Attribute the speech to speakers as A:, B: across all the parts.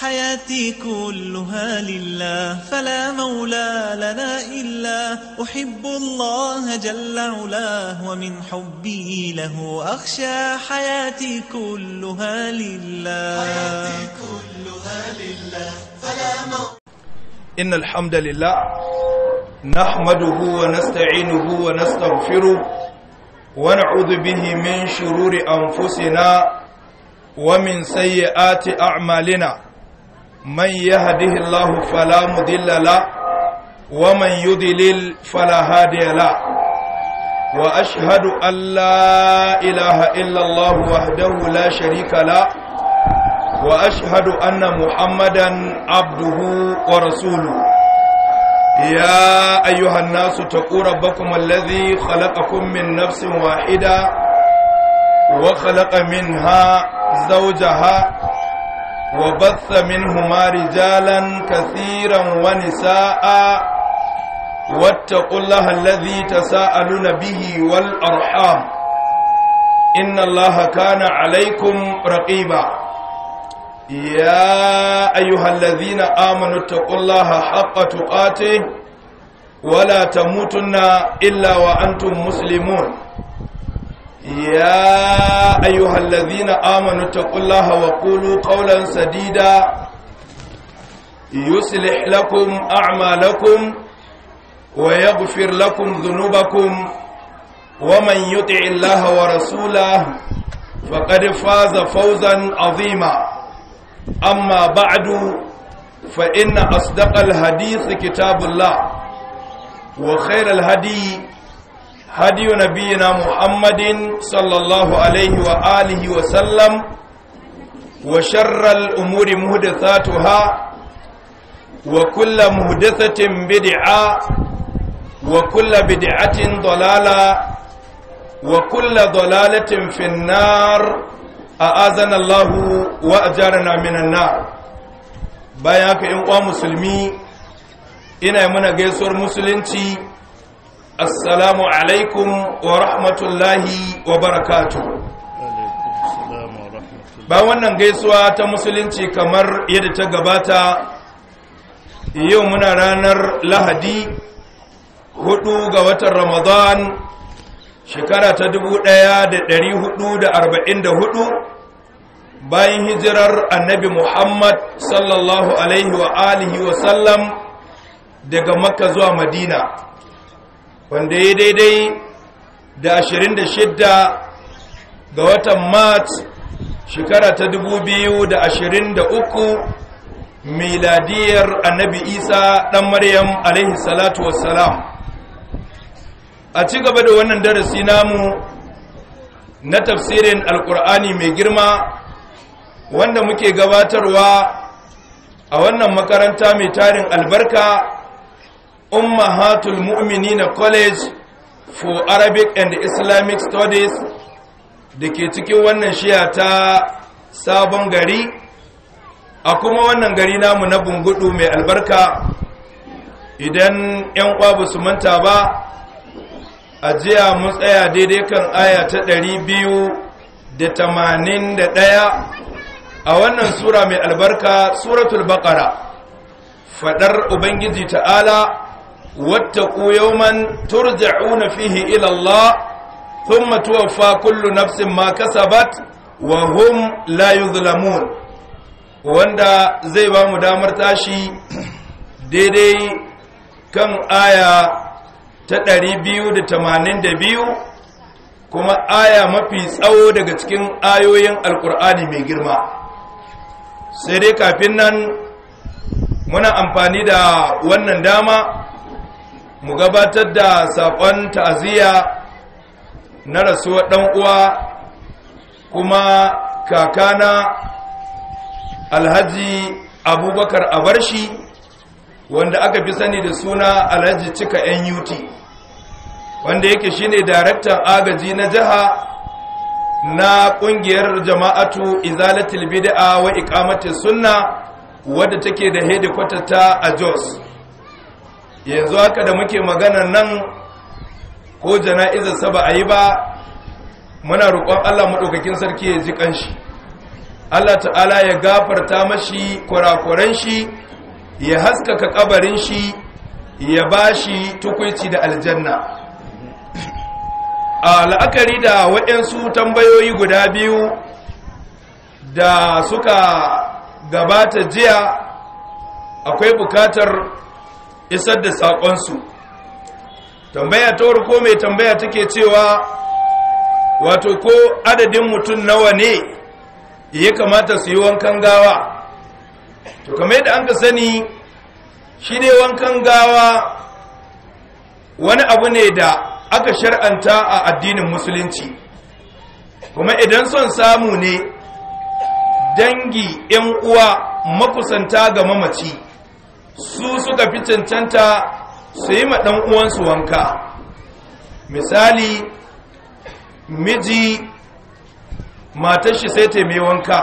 A: حياتي كلها لله فلا مولى لنا إلا أحب الله جل علاه ومن حبي
B: له أخشى حياتي كلها لله حياتي
A: كلها لله
B: فلا مولى إن الحمد لله نحمده ونستعينه ونستغفره ونعوذ به من شرور أنفسنا ومن سيئات أعمالنا من يهده الله فلا مضل له ومن يضلل فلا هادي له واشهد ان لا اله الا الله وحده لا شريك له واشهد ان محمدا عبده ورسوله يا ايها الناس اتقوا ربكم الذي خلقكم من نفس واحده وخلق منها زوجها وبث منهما رجالا كثيرا ونساء واتقوا الله الذي تساءلون به والأرحام إن الله كان عليكم رقيبا يا أيها الذين آمنوا اتقوا الله حق تقاته ولا تموتن إلا وأنتم مسلمون يا أيها الذين آمنوا اتقوا الله وقولوا قولا سديدا يصلح لكم أعمالكم ويغفر لكم ذنوبكم ومن يطع الله ورسوله فقد فاز فوزا عظيما أما بعد فإن أصدق الحديث كتاب الله وخير الهدي هدي نبينا محمد صلى الله عليه وآله وسلم وشر الأمور مهدثاتها وكل مهدثة بدعة وكل بدعة ضلالة وكل ضلالة في النار أعاذنا الله وأجارنا من النار بايعك إن مسلمي ina muna gaisuwar musulunci assalamu alaikum wa rahmatullahi wa barakatu ba wannan gaisuwa ta musulunci kamar yadda ta gabata yau muna ranar lahadi hudu ga watan ramadan shekara ta dubu ɗaya da ɗari hudu da arba'in da hudu bayan hijirar annabi muhammad sallallahu alaihi wa alihi wa sallam daga makka zuwa madina wanda ya daidai da 26 ga watan mat shekara ta 2023 miladiyar annabi isa ɗan maryam alaihi salatu wassalam a ci gaba da wannan darasi namu na tafsirin alkur'ani mai girma wanda muke gabatarwa a wannan makaranta mai tarin albarka ummahatul na college for arabic and islamic studies da ke cikin wannan shiya ta sabon gari a kuma wannan gari namu na bungudu mai albarka idan 'yan ba su manta ba a jiya mun tsaya daidai kan aya ta ɗari biyu da da tamanin ɗaya a wannan sura mai albarka suratul baƙara faɗar ubangiji ta'ala واتقوا يوما ترجعون فيه إلى الله ثم توفى كل نفس ما كسبت وهم لا يظلمون wanda zai ba mu damar tashi daidai kan aya ta 282 kuma aya mafi tsawo daga cikin ayoyin alkur'ani mai girma sai dai kafin nan muna amfani da wannan dama mu gabatar da saƙon ta'aziyya na rasuwar ɗan uwa kuma kakana alhaji abubakar abarshi wanda aka fi sani da suna alhaji cika nut wanda yake shine daraktan agaji na jiha na kungiyar jama'atu izalatul bid'a wa iqamati sunna wadda take da hedikwatar ta a jos yanzu haka da muke magana nan ko jana'izarsa ba a yi ba muna roƙon Allah maɗaukakin sarki ya ji ƙanshi Allah ta'ala ya gafarta mashi kwarakwaran shi ya haskaka ƙabarin shi ya ba shi tukwici da aljanna a la'akari da waɗansu tambayoyi guda biyu da suka gabata jiya akwai bukatar isar da saƙonsu tambaya ta warko mai tambaya take cewa wato ko adadin mutum nawa ne ya kamata su yi wankan gawa to kamar yadda an ka sani shi ne wankan gawa wani abu ne da aka shar'anta a addinin musulunci kuma idan son samu ne dangi 'yan uwa makusanta ga mamaci su suka fi cancanta su yi ma uwansu wanka misali miji matashi sai ta mai wanka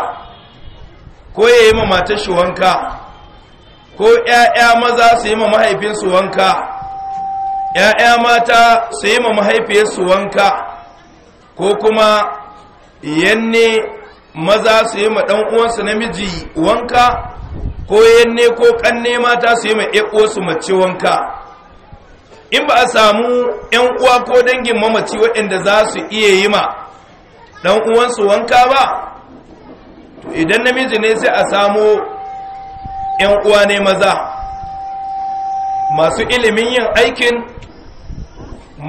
B: ko ya yi ma matashi wanka ko ‘ya'ya maza su yi ma mahaifinsu wanka ‘ya'ya mata su yi ma mahaifiyarsu wanka ko kuma yanne maza su yi ma uwansu namiji wanka ko yanne ko kanne mata su yi mai su mace wanka in ba a samu yan uwa ko dangin mamaci waɗanda za su iya yi ma ɗan uwansu wanka ba to idan namiji ne sai a samu yan uwa ne maza masu ilimin yin aikin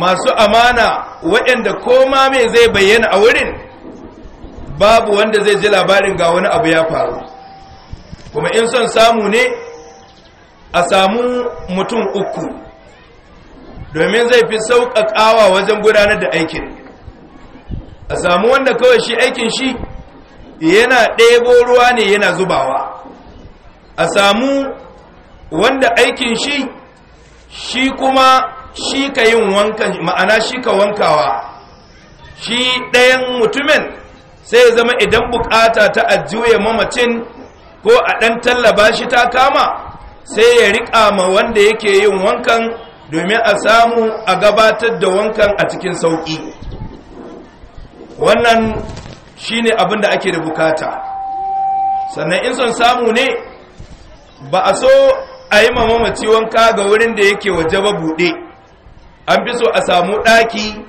B: masu amana waɗanda koma mai zai bayyana a wurin babu wanda zai ji labarin ga wani abu ya faru kuma in son samu ne a samu mutum uku domin zai fi sauƙaƙawa wajen gudanar da aikin a samu wanda kawai shi aikin shi yana ɗebo ruwa ne yana zubawa a samu wanda aikin shi shi kuma shi ka yin wanka ma'ana shi ka wankawa shi ɗayan mutumin sai zama idan bukata ta ajiye mamacin ko a ɗan tallaba shi ta kama sai ya riƙa ma wanda yake yin wankan domin a samu a gabatar da wankan a cikin sauƙi wannan shi ne abin da ake da bukata sannan in son samu ne ba a so a yi mamaci wanka ga wurin da yake waje ba buɗe an fi so a samu ɗaki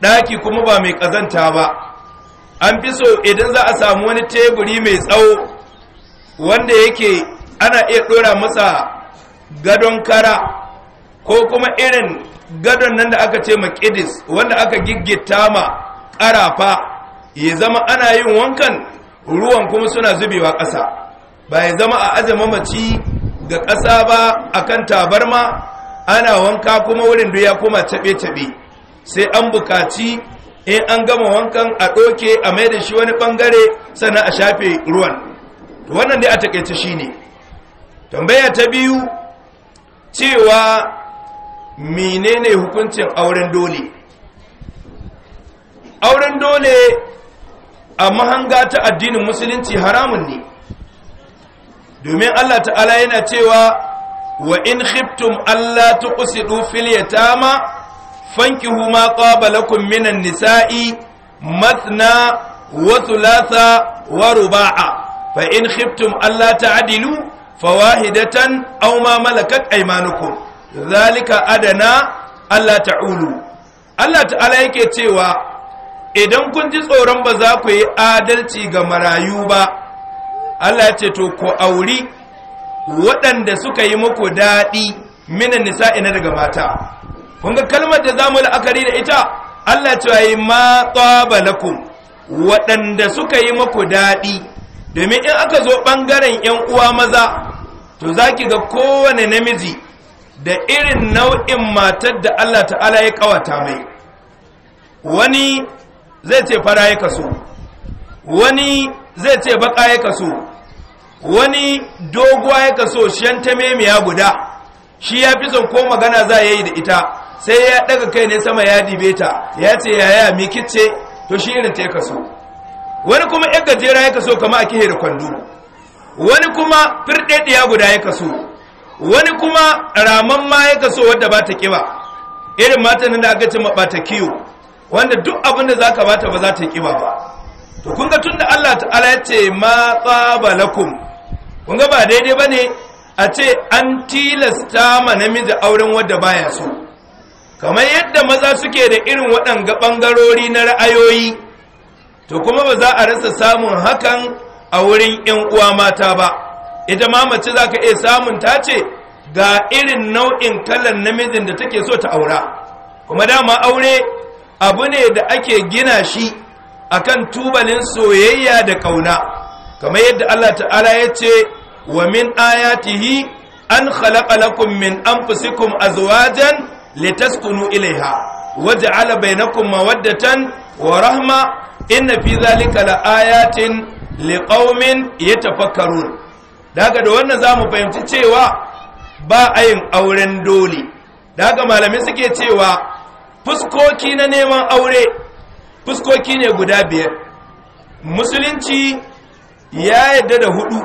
B: ɗaki kuma ba mai ƙazanta ba an fi so idan za a samu wani teburi mai tsawo wanda yake ana iya ɗora masa gadon kara ko kuma irin gadon nan da aka ce maƙidis wanda aka giggita ma ƙarafa ya zama ana yin wankan ruwan kuma suna zubewa ƙasa ba ya zama a aje mamaci ga ƙasa ba a akan tabarma ana wanka kuma wurin da kuma taɓe-taɓe sai an buƙaci in an gama wankan a ɗoke a mai da shi wani ɓangare sannan a shafe ruwan to wannan dai a takaice shine tambaya ta biyu cewa menene hukuncin auren dole auren dole a mahanga ta addinin musulunci haramun ne domin Allah ta'ala yana cewa wa in khiftum alla tuqsidu fil yatama fankihu ma qaba lakum minan nisa'i mathna wa thulatha wa ruba'a fa in khiftum alla ta'dilu fawahidatan aw ma malakat aymanukum zalika adana alla ta'ulu Allah ta'ala yake cewa idan kun ji tsoron ba za ku yi adalci ga marayu ba Allah ce to ku auri waɗanda suka yi muku daɗi minan nisa ina daga mata kun ga kalmar da zamu la'akari da ita Allah ce yi ma tsaba lakum waɗanda suka yi muku daɗi domin in aka zo ɓangaren 'yan uwa maza to za ki ga kowane namiji da irin nau'in matar da Allah ta'ala ya kawata mai wani zai ce fara ya kaso wani zai ce baka ya kaso wani doguwa ya kaso ta memiya guda shi ya fi son ko magana za ya yi da ita sai ya daga kai ne sama ya dibe ta ya ce yaya mikice to shi irin ta ya kaso wani kuma yan gajera ya kaso kama a kihe da kwando wani kuma firɗeɗiya guda ya kaso wani kuma raman ma ya kaso wadda ba ta ƙiba irin matan da aka ce ba ta kiyo wanda duk abin da za ka bata ba za ta ƙiba ba to kun ga tunda Allah ta'ala ya ce ma tsaba lakum kun ga ba daidai ba ne a ce an tilasta ma namiji auren wadda baya so kamar yadda maza suke da irin waɗanga ɓangarori na ra'ayoyi to kuma ba za a rasa samun hakan a wurin 'yan uwa mata ba ita ma mace za ka iya samun ta ce ga irin nau'in kalan namijin da take so ta aura kuma dama aure abu ne da ake gina shi akan tubalin soyayya da ƙauna. kamar yadda Allah ta'ala ya ce wa min ayatihi an khalaqa lakum min anfusikum azwajan litaskunu ilaiha waja'ala bainakum mawaddatan wa rahma inna fi zalika li ya yatafakkarun daga da wannan zamu fahimci cewa ba a yin auren dole daga malamai suke cewa fuskoki na neman aure fuskoki ne guda biyar musulunci ya yadda da hudu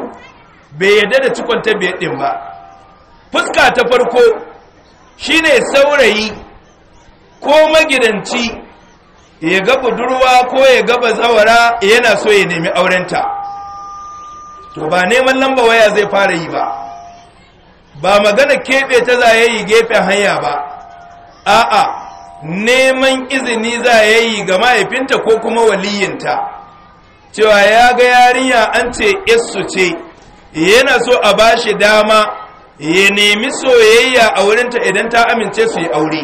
B: bai yadda da cikon ta biyar din ba fuska ta farko shine saurayi ko magidanci ya ga budurwa ko ya ga bazawara yana so ya nemi aurenta to ba neman lamba waya zai fara yi ba ba magana keɓe ta za yi gefen hanya ba a'a neman izini za ya yi ga mahaifinta ko kuma waliyinta cewa ya ga yarinya an ce isu ce yana so a ba shi dama ya nemi soyayya a wurinta idan ta amince su yi aure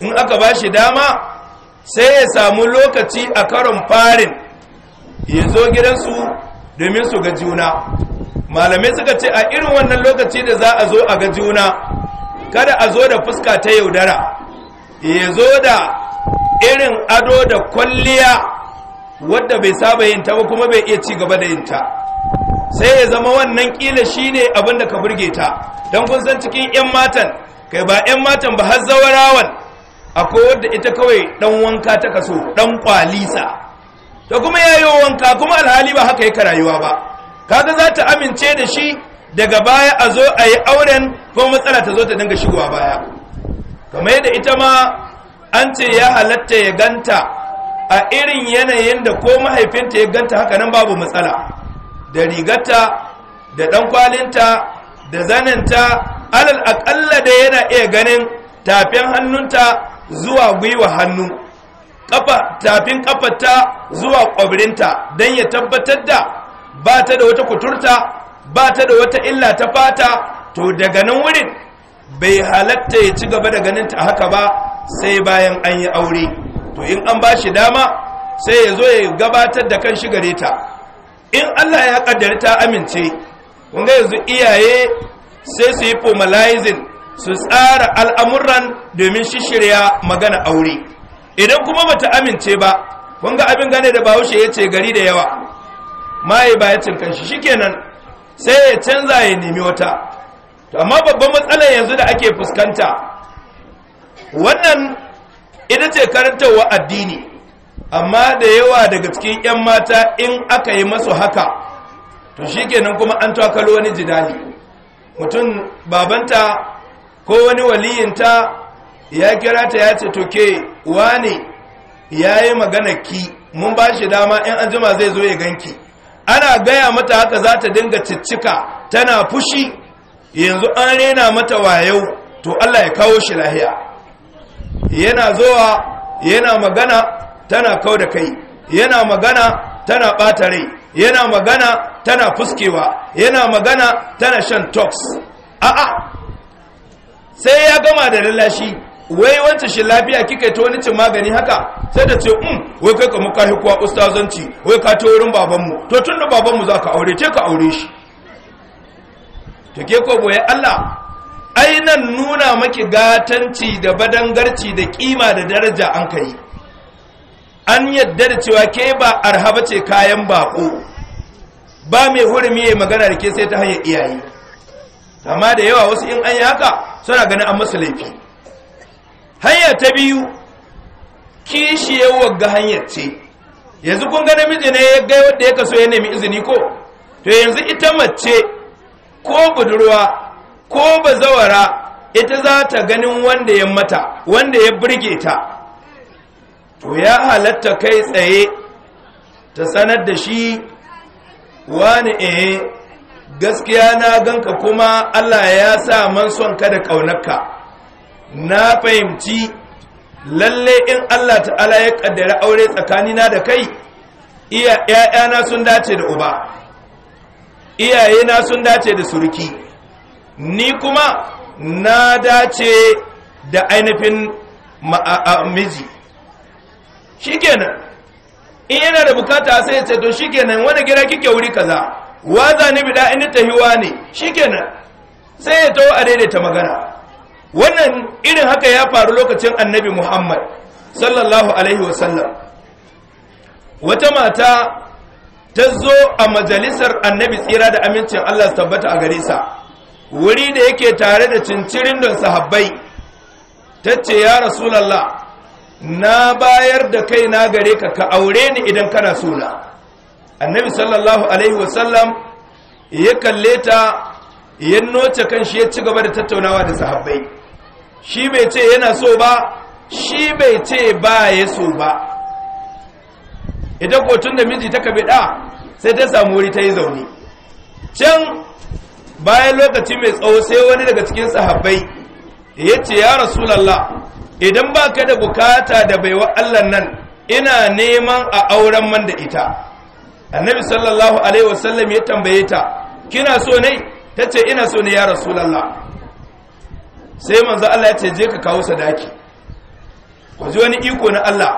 B: in aka ba shi dama sai ya samu lokaci a karon farin ya zo gidansu domin su ga juna malamai suka ce a irin wannan lokaci da za a zo a ga juna kada a zo da fuska ta yaudara ya zo da irin ado da kwalliya wadda bai saba yin ta ba kuma bai iya ci gaba da yin ta sai ya zama wannan kila shine abin da ka burge ta don kun san cikin 'yan matan kai ba 'yan matan ba har zawarawan akwai wadda ita kawai dan wanka ta kaso dan kwalisa to kuma ya yi wanka kuma alhali ba haka yake rayuwa ba kaga za ta amince da shi daga baya a zo a yi auren ko matsala ta zo ta dinga shigowa baya kamar yadda ita ma an ce ya halatta ya ganta a irin yanayin da ko mahaifinta ya ganta haka nan babu matsala da rigarta da dan kwalinta da zaninta alal akalla da yana iya ganin tafin hannunta zuwa gwiwa hannu kafa tafin ta zuwa kwabirinta don ya tabbatar da ba ta da wata kuturta ba ta da wata illa ta fata to daga nan wurin bai halatta ya ci gaba da ganin ta haka ba sai bayan an yi aure to in an ba shi dama sai ya zo ya gabatar da kan shi gare ta in allah ya kaddara ta amince kun yanzu iyaye sai su yi formalizing su tsara al'amuran domin shishirya magana aure idan kuma bata amince ba kun abin gane da bahaushe ya ce gari da yawa maye ba ya shi shikenan sai ya canza ya nemi wata amma babban matsalar yanzu da ake fuskanta wannan ita ce karantarwa addini amma da yawa daga cikin 'yan mata in aka yi masu haka to shikenan kuma an takalo wani jidali mutum babanta ko wani waliyinta ya kira ta ya ce toke ne ya yi magana ki mun ba shi dama in an jima zai zo ya ganki ana gaya mata haka za ta dinga ciccika tana fushi yanzu an rena mata wayau to allah ya kawo shi lahiya yana zowa yana magana tana kau da kai yana magana tana ɓata rai yana magana tana fuskewa yana magana tana shan toks. a'a sai ya gama da lallashi wai wancan shi lafiya kika ta wani cin magani haka sai da ce um wai kai ka muka kuwa ustazanci wai ka ta wurin babanmu to tun da babanmu za ka aure ce ka aure shi Ta ke ko boye Allah ai nuna maki gatanci da badangarci da kima da daraja an kai an yadda da cewa ke ba arhaba ce kayan bako ba mai hurumi ya magana da ke sai ta hanyar iyaye amma da yawa wasu in an yi haka suna ganin an masa laifi Hanyar ta biyu kishiyar ga hanyar ce yanzu kun ga namiji ne ya gai wadda ya kaso ya nemi izini ko to yanzu ita mace ko budurwa ko bazawara ita za ta ganin wanda ya mata wanda ya burge ta to ya halatta kai tsaye ta sanar da shi wani eh gaskiya na ganka kuma Allah ya sa man son ka da ƙaunarka na fahimci lalle in Allah ta'ala ya kaddara aure tsakanina da kai iya ‘ya'yana sun dace da uba iyayena sun dace da surki ni kuma na dace da ainihin miji shikenan in yana da bukata sai ya ce to shikenan wani gida kike wuri kaza wa za ni bida in hiwa ne shikenan sai ya tawo a daidaita magana wannan irin haka ya faru lokacin annabi muhammad sallallahu alaihi wasallam wata mata ta zo a majalisar annabi tsira da amincin allah su tabbata a gare wuri da yake tare da cincirin don sahabbai ta ce ya rasulallah na bayar da kai na gare ka ka aure ni idan kana suna annabi sallallahu alaihi wasallam ya kalle ta ya noce kan shi ya ci gaba da tattaunawa da sahabbai shi bai ce yana so ba shi bai ce ba ya so ba ita kotun da miji ta kabiɗa sai ta samu wuri ta yi zaune can bayan lokaci mai tsawo sai wani daga cikin sahabbai ya ce ya rasulallah idan ba ka da bukata da baiwa allah nan ina neman a auren man da ita annabi sallallahu alaihi wasallam ya tambaye ta kina so ne ta ce ina so ne ya rasulallah sai manzo Allah ya ce je ka kawo sadaki ku ji wani iko na Allah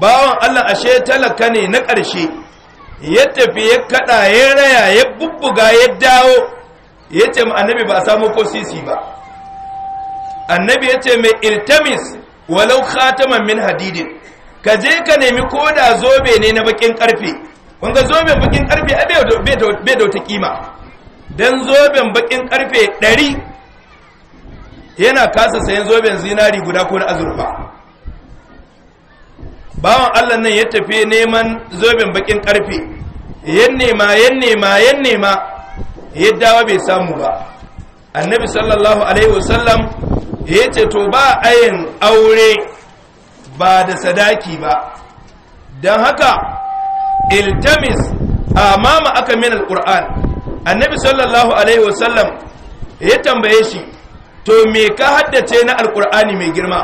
B: bawan Allah ashe talaka ne na ƙarshe ya tafi ya kada ya raya ya bubbuga ya dawo ya ce annabi ba a samu ko sisi ba annabi ya ce mai iltamis walau khataman min hadidin ka je ka nemi koda zobe ne na bakin karfe kun zobe zoben bakin karfe bai da wata kima don zoben bakin karfe 100 yana kasa sayan zoben zinari guda ko na azurfa bawan allah nan ya tafi neman zoben bakin karfe yan nema yan nema yan nema ya dawa bai samu ba annabi sallallahu alaihi wasallam ya ce to ba ayin aure ba da sadaki ba don haka iltamis mama aka min alquran annabi sallallahu alaihi wasallam ya tambaye shi to me ka haddace na alqurani mai girma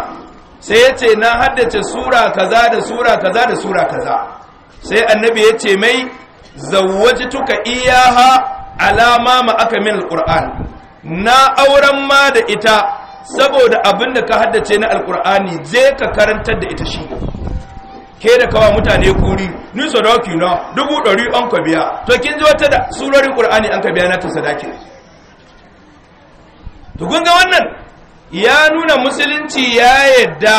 B: sai ya ce na haddace sura kaza da sura kaza da sura kaza sai annabi ya ce mai tuka iyaha ala mama aka min alquran na auren ma da ita saboda abin da ka haddace na alqurani je ka karantar da ita shi ke da kawa mutane kuri ni sadaki na dubu ɗari an ka biya to kin ji wata da surorin ƙur'ani an ka biya na ta sadaki to kun ga wannan ya nuna musulunci ya yadda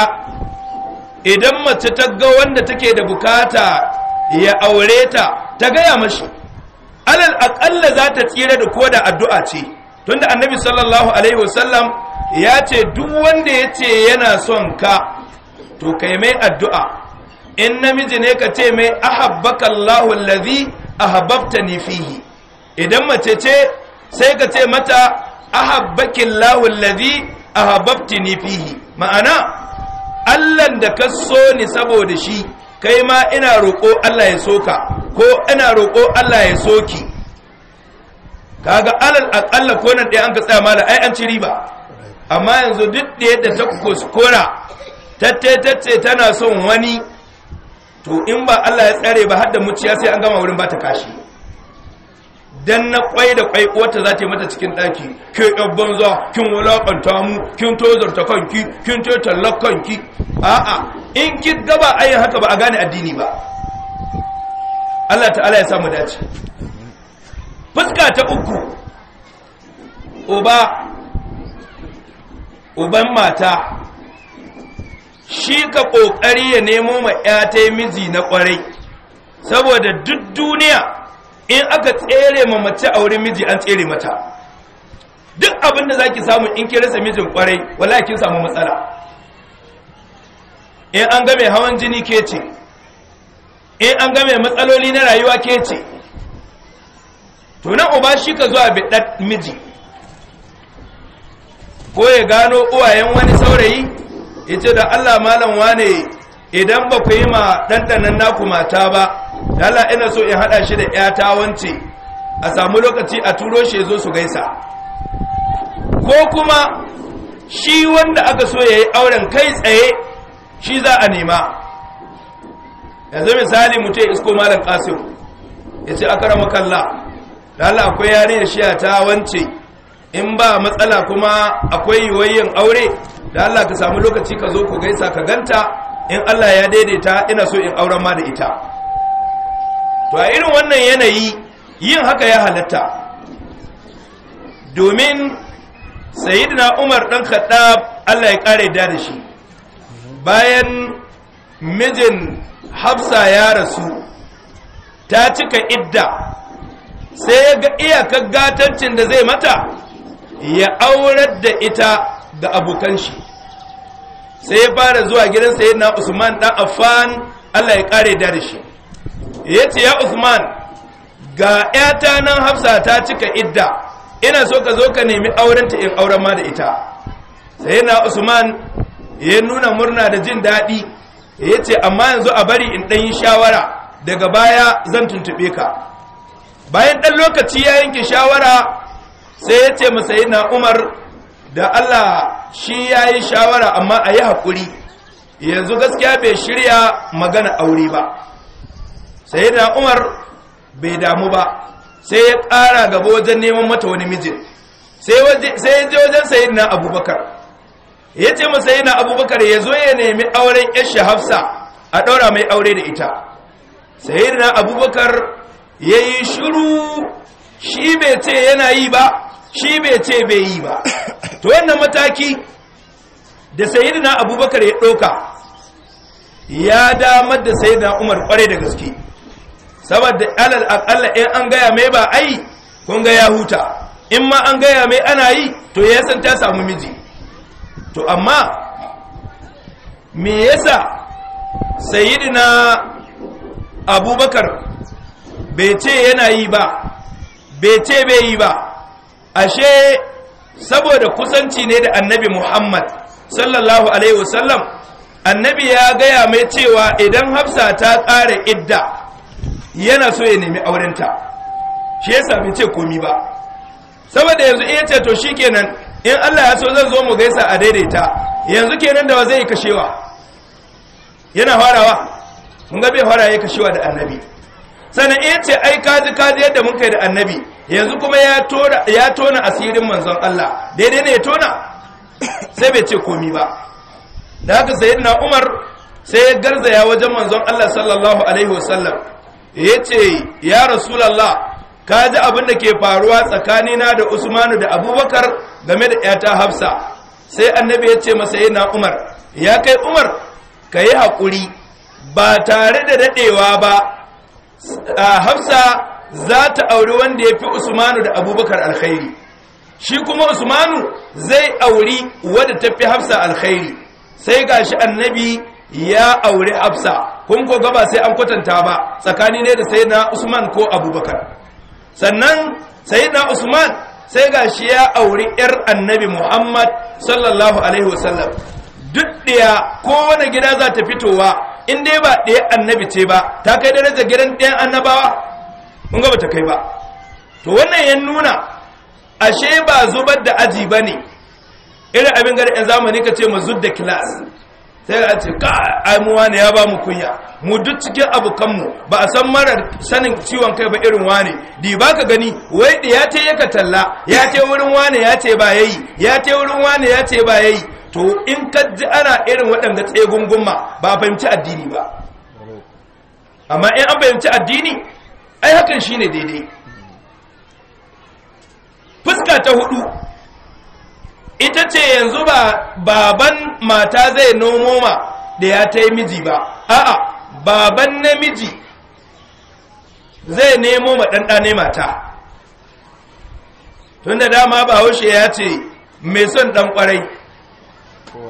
B: idan mace ta ga wanda take da bukata ya aure ta ta gaya mashi alal aƙalla za ta tsira da koda addu'a ce tunda annabi sallallahu alaihi wasallam ya ce duk wanda ya ce yana son ka to kai mai addu'a in namiji ne ka ce mai ahabbaka Allahu allazi ahabbtani fihi idan mace ce sai ka ce mata ahabbaki Allahu allazi ahabbtani fihi ma'ana Allahn da ka so ni saboda shi kai ma ina roƙo Allah ya soka ko ina roƙo Allah ya soki kaga alal aqalla ko nan ɗaya an ka tsaya mala ai an ci riba amma yanzu duk da yadda ta kuskura tatte tatte tana son wani to in ba Allah ya tsare ba har da muciya sai an gama wurin ba ta kashi dan na kwai da kwai wata za ta mata cikin daki ke yan banza kin wulakanta mu kin tozarta kanki kin ce kanki a'a in ki gaba ayi haka ba a gane addini ba Allah ta'ala ya samu dace fuska ta uku uba uban mata shi ka ƙoƙari ya nemo ma ‘yata miji na ƙwarai saboda duk duniya in aka tsere ma mace a wurin miji an tsere mata duk abin da za ki samu in ki rasa mijin ƙwarai wala kin samu matsala in an ga hawan jini ke ce in an ga matsaloli na rayuwa ke ce tunan uba shi ka zuwa biɗar miji ko ya gano uwayen wani saurayi ita da Allah malam wane idan ba ku yi ma dandanan naku mata ba da Allah ina so in haɗa shi da yata wance a samu lokaci a turo shi zo su gaisa ko kuma shi wanda aka so yayi auren kai tsaye shi za a nema yanzu misali mutum isko malam kasim ya ce aka rama kalla da Allah akwai yarinyar shi ta wance in ba matsala kuma akwai yiwuwar aure da Allah ka samu lokaci ka zo ku gaisa ka ganta in Allah ya daidaita ina so in auren ma da ita to a irin wannan yanayi yin haka ya halatta domin sayyidina Umar dan Khattab Allah ya kare da shi bayan mijin Hafsa ya rasu ta cika idda sai ya ga iyakar gatancin da zai mata ya aurar da ita da abokan shi sai ya fara zuwa gidan sayyidina Usman dan Affan Allah ya kare da shi yace ya Usman ga yata nan Hafsa ta cika idda ina so ka zo ka nemi aurenta in auren ma da ita sayyidina Usman ya nuna murna da jin daɗi yace amma yanzu a bari in ɗan yi shawara daga baya zan tuntuɓe ka bayan ɗan lokaci ya yanke shawara sai ya ce masa yana umar da Allah shi ya yi shawara amma a yi haƙuri yanzu gaskiya bai shirya magana aure ba sai da umar bai damu ba sai ya ƙara gaba wajen neman mata wani mijin sai ya je wajen sayi na abubakar ya ce masa na abubakar ya zo ya nemi auren yashi hafsa a ɗaura mai aure da ita sayi na abubakar ya yi shiru shi bai ce yana yi ba shi bai ce bai yi ba to wannan mataki da sayyidina abubakar ya ɗauka ya damar da sayyidina umar kwarai da gaske saboda alal akalla in an gaya mai ba yi, kun ga ya huta in ma an gaya mai ana yi to ya san ta samu miji to amma me yasa sayyidina abubakar bai ce yana yi ba bai ce bai yi ba ashe saboda kusanci ne da annabi muhammad sallallahu alaihi wasallam annabi ya gaya mai cewa idan hafsa ta ƙare idda yana so ya nemi aurenta shi ya sami ce komi ba saboda yanzu iya ce to shi kenan in allah ya so zan zo mu gaisa a daidaita yanzu kenan da wa zai kashewa yana farawa mun ga bai fara ya kashewa da annabi sannan iya ce ai kaji kaji yadda mun kai da annabi yanzu kuma ya tona asirin manzon Allah daidai ne ya tona sai bai ce komi ba da haka na Umar sai ya garzaya wajen manzon Allah sallallahu alaihi wasallam ya ce ya rasulallah ka ji abin da ke faruwa tsakanina da usmanu da abubakar game da yata hafsa sai annabi ya ce masa na umar ya kai umar ka yi haƙuri ba tare da daɗewa ba hafsa za ta auri wanda ya fi usmanu da abubakar alkhairi shi kuma usmanu zai auri wadda ta fi hafsa alkhairi sai ga shi annabi ya auri hafsa kun ko gaba sai an kwatanta ba tsakani ne da na usman ko abubakar sannan na usman sai ga shi ya auri yar annabi muhammad sallallahu alaihi wasallam duk ɗaya kowane gida za ta fitowa in dai ba ɗaya annabi ce ba ta kai darajar gidan ɗayan annabawa mun ga bata kai ba to wannan ya nuna ashe ba zubar da aji ba ne irin abin gari yan zamani ka ce mazud da kilas sai a ce ka aimuwa ne ya ba mu kunya mu duk cikin abokanmu ba a san marar sanin ciwon kai ba irin wane di ba ka gani wai ya ce ya ka talla ya ce wurin wane ya ce ba yayi ya ce wurin wane ya ce ba yayi to in ka ji ana irin waɗanda tsaye gungunma ba a fahimci addini ba amma in an fahimci addini ai hakan shi ne daidai fuska ta hudu ita ce yanzu ba baban mata zai nomo ma da ya ta miji ba a'a baban namiji zai nemo ma ɗanɗane mata tun da dama ba haushe ya ce mai son ɗan ƙwarai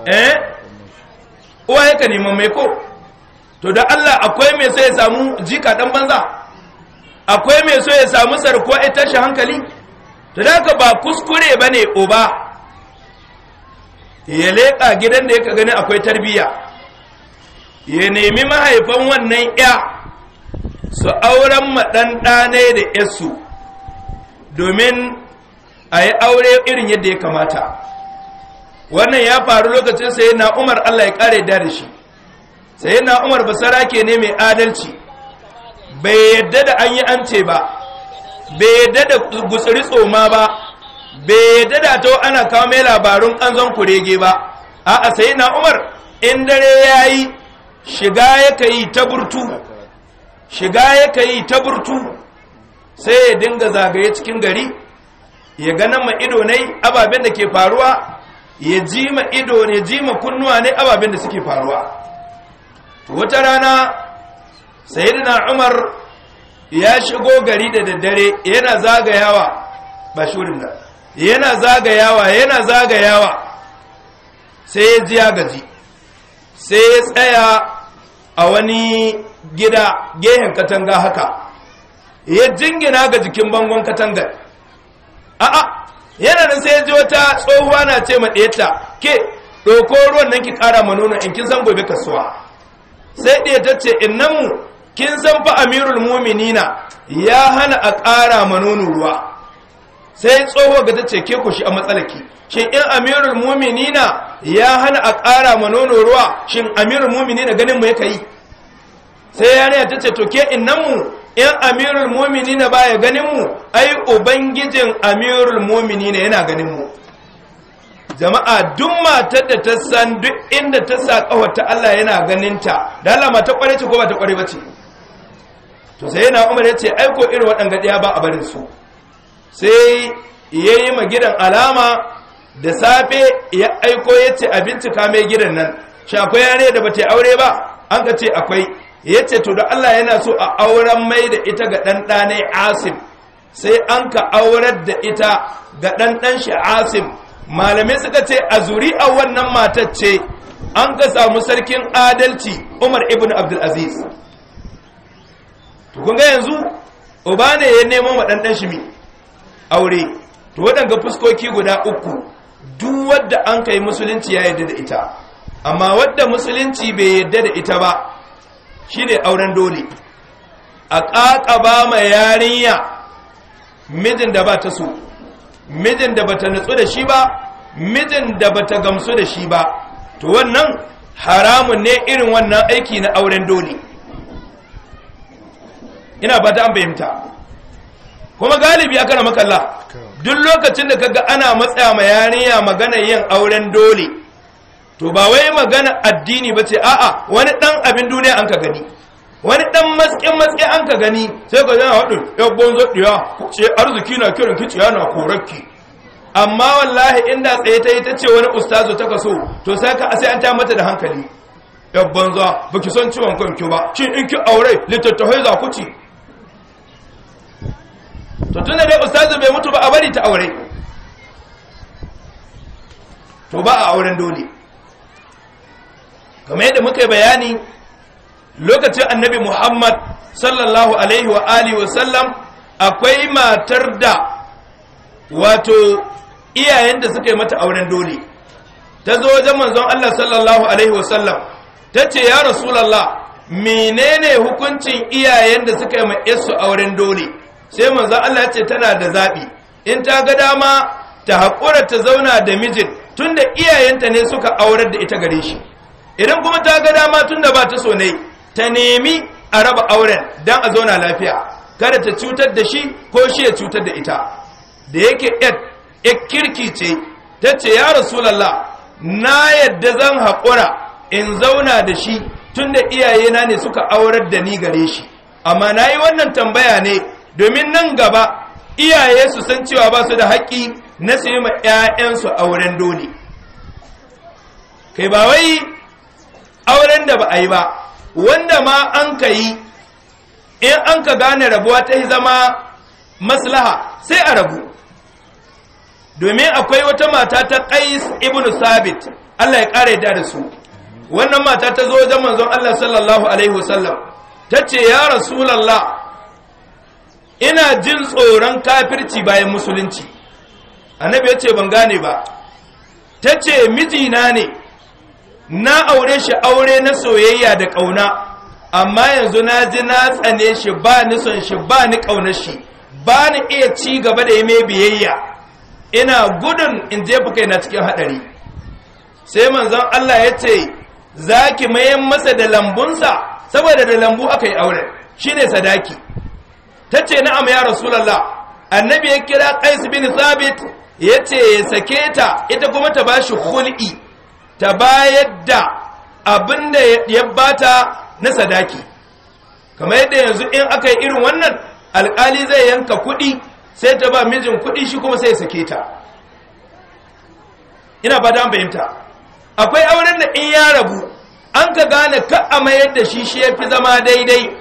B: eh uwa yaka neman mai ko to da Allah akwai mai so ya samu jika dan banza akwai mai so ya samu sarko ya tashi hankali to da haka ba kuskure bane uba ya leƙa gidan da ya gani akwai tarbiyya ya nemi mahaifan wannan ya su auren maɗanɗane da yasu domin a yi aure irin yadda ya kamata wannan ya faru lokacin sayyidina Umar Allah ya kare da shi sayyidina Umar basarake ne mai adalci bai yadda da an yi ance ba bai yadda da gutsuri tsoma ba bai yadda da to ana kawo mai labarun kanzon kurege ba a'a sayyidina Umar in dare yayi shiga ka yi ta burtu shiga ka yi ta burtu sai ya dinga zagaye cikin gari ya ganin ma ido ne ababen da ke faruwa ya jima ido ne jima kunnuwa ne ababen da suke faruwa wata rana sayyidina umar ya shigo gari da daddare yana zagayawa ba shurin da yana zagayawa yana zagayawa sai ya ji ya gaji sai ya tsaya a wani gida gehen katanga haka ya jingina ga jikin bangon katangar a'a yana nan sai ya ji wata tsohuwa na ce ma ɗeta ke ɗauko ruwan nan ki ƙara ma nono in kin san gobe kasuwa sai ɗaya ta ce in mu kin san fa amirul muminina ya hana a ƙara ma nono ruwa sai tsohuwa ga ta ce ke ku shi a matsalaki shin in amirul muminina ya hana a ƙara ma nono ruwa shin amirul muminina ganin mu ya kai sai yarinya ta ce to ke nan mu in amirul mumini na baya ganin mu ai ubangijin amirul mumini na yana ganin mu jama'a duk matar da ta san duk inda ta sa ta Allah yana ganin ta da Allah mata kware ce ko ba ta kware ba ce to sai yana umar ya ce ai ko irin waɗanga ɗaya ba a barin sai ya yi ma gidan alama da safe ya aiko ya ce a bincika mai gidan nan shi akwai yare da bata aure ba an ka ce akwai ya ce to da Allah yana so a auren mai da ita ga ɗanɗanai asim sai an ka aurar da ita ga ɗan shi asim malamai suka ce a zuri'a wannan matar ce an ka samu sarkin adalci umar ibn abdulaziz kun ga yanzu uba ne ya nemo ma ɗanɗan shi mi aure to waɗanga fuskoki guda uku duk wadda an kai musulunci ya yarda da ita amma wadda musulunci bai yarda da ita ba Shi ne auren dole a ƙaƙaba ma yarinya mijin da ba ta so mijin da ba ta nutsu da shi ba mijin da ba ta gamsu da shi ba to wannan haramun ne irin wannan aiki na auren dole ina ba ta an fahimta kuma galibi aka na makalla duk lokacin da kaga ana matsaya ma yarinya magana yin auren dole to ba wai magana addini ba ce a'a wani dan abin duniya an ka gani wani dan matsin matsi an ka gani sai ka zana haɗin yabbon zaɗiya ce arziki na kiran kiciya na korakki amma wallahi inda tsaye ta yi ta ce wani ustazo ta kaso to sai ka asai an ta mata da hankali yabbon za ba ki son ciwon kanki ba kin in ki aure littattafai za ku ci to tun da dai bai mutu ba a bari ta aure to ba a auren dole kamar yadda muka yi bayani lokacin annabi muhammad sallallahu alaihi wa alihi wa akwai matar da wato iyayen da suka yi mata auren dole ta zo wajen manzon allah sallallahu alaihi wa ta ce ya rasulallah menene hukuncin iyayen da suka yi ma'yarsu auren dole sai manzon allah ce tana da zaɓi in ta ga dama ta haƙura ta zauna da mijin tunda iyayenta ne suka aurar da ita gare shi idan kuma ta ga dama tun da ba ta so ne ta nemi a raba auren don a zauna lafiya kada ta cutar da shi ko shi ya cutar da ita da yake yar kirki ce ta ce ya rasulallah na yadda zan haƙura in zauna da shi tun da iyayena ne suka aurar da ni gare shi amma na yi wannan tambaya ne domin nan gaba iyaye su san cewa ba su da haƙƙi na su yi ma 'ya'yansu auren dole kai ba wai auren da ba a yi ba wanda ma an ka yi in an ka gane rabuwa ta zama maslaha sai a rabu domin akwai wata mata ta qais ibnu sabit Allah ya kare da su wannan mata ta zo wajen manzon Allah sallallahu alaihi wasallam tace ya rasulullah ina jin tsoron kafirci bayan musulunci annabi ya ce ban gane ba tace mijina ne na aure shi aure na soyayya da ƙauna amma yanzu na ji na tsane shi ba ni son shi ba ni ƙaunar shi ba ni iya ci gaba da yi mai biyayya ina gudun in jefa kaina cikin haɗari sai manzon Allah ya ce za ki mayan masa da lambunsa saboda da lambu aka yi aure shi ne sadaki ta ce na'am ya rasulallah annabi ya kira qais bin sabit ya ce ya sake ta ita kuma ta ba shi hul'i ta bayar da abin da ya bata na sadaki kamar yadda yanzu in aka yi irin wannan alkali zai yanka kuɗi sai ta ba mijin kuɗi shi kuma sai sake ta ina ba da fahimta akwai auren da in ya rabu an ka gane ka a mayar da shi shi ya fi zama daidai